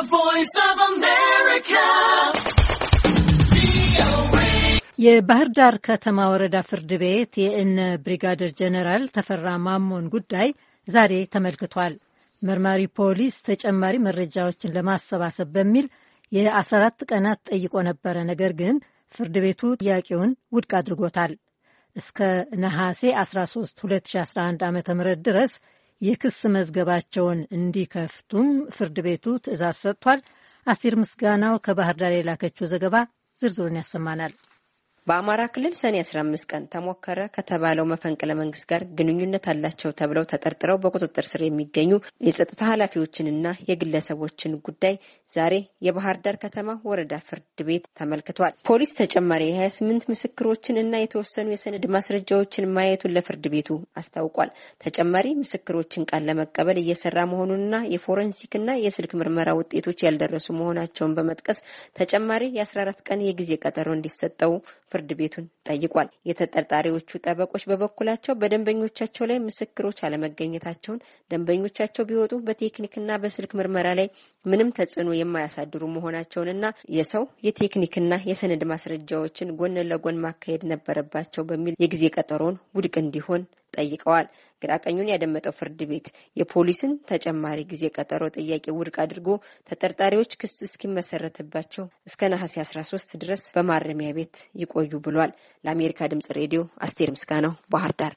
The Voice of America. የባህር ዳር ከተማ ወረዳ ፍርድ ቤት የእነ ብሪጋደር ጀነራል ተፈራ ማሞን ጉዳይ ዛሬ ተመልክቷል። መርማሪ ፖሊስ ተጨማሪ መረጃዎችን ለማሰባሰብ በሚል የ14 ቀናት ጠይቆ ነበረ። ነገር ግን ፍርድ ቤቱ ጥያቄውን ውድቅ አድርጎታል። እስከ ነሐሴ 13 2011 ዓ ም ድረስ የክስ መዝገባቸውን እንዲከፍቱም ፍርድ ቤቱ ትዕዛዝ ሰጥቷል። አስቴር ምስጋናው ከባህር ዳር የላከችው ዘገባ ዝርዝሩን ያሰማናል። በአማራ ክልል ሰኔ 15 ቀን ተሞከረ ከተባለው መፈንቅለ መንግስት ጋር ግንኙነት አላቸው ተብለው ተጠርጥረው በቁጥጥር ስር የሚገኙ የጸጥታ ኃላፊዎችንና የግለሰቦችን ጉዳይ ዛሬ የባህር ዳር ከተማ ወረዳ ፍርድ ቤት ተመልክቷል። ፖሊስ ተጨማሪ የ28 ምስክሮችን እና የተወሰኑ የሰነድ ማስረጃዎችን ማየቱን ለፍርድ ቤቱ አስታውቋል። ተጨማሪ ምስክሮችን ቃል ለመቀበል እየሰራ መሆኑንና የፎረንሲክ እና የስልክ ምርመራ ውጤቶች ያልደረሱ መሆናቸውን በመጥቀስ ተጨማሪ የ14 ቀን የጊዜ ቀጠሮ እንዲሰጠው ፍርድ ቤቱን ጠይቋል። የተጠርጣሪዎቹ ጠበቆች በበኩላቸው በደንበኞቻቸው ላይ ምስክሮች አለመገኘታቸውን፣ ደንበኞቻቸው ቢወጡ በቴክኒክና በስልክ ምርመራ ላይ ምንም ተጽዕኖ የማያሳድሩ መሆናቸውንና የሰው የቴክኒክና የሰነድ ማስረጃዎችን ጎን ለጎን ማካሄድ ነበረባቸው በሚል የጊዜ ቀጠሮን ውድቅ እንዲሆን ጠይቀዋል። ግራቀኙን ያደመጠው ፍርድ ቤት የፖሊስን ተጨማሪ ጊዜ ቀጠሮ ጥያቄ ውድቅ አድርጎ ተጠርጣሪዎች ክስ እስኪመሰረትባቸው እስከ ነሐሴ 13 ድረስ በማረሚያ ቤት ይቆዩ ብሏል። ለአሜሪካ ድምጽ ሬዲዮ አስቴር ምስጋናው ባህር ዳር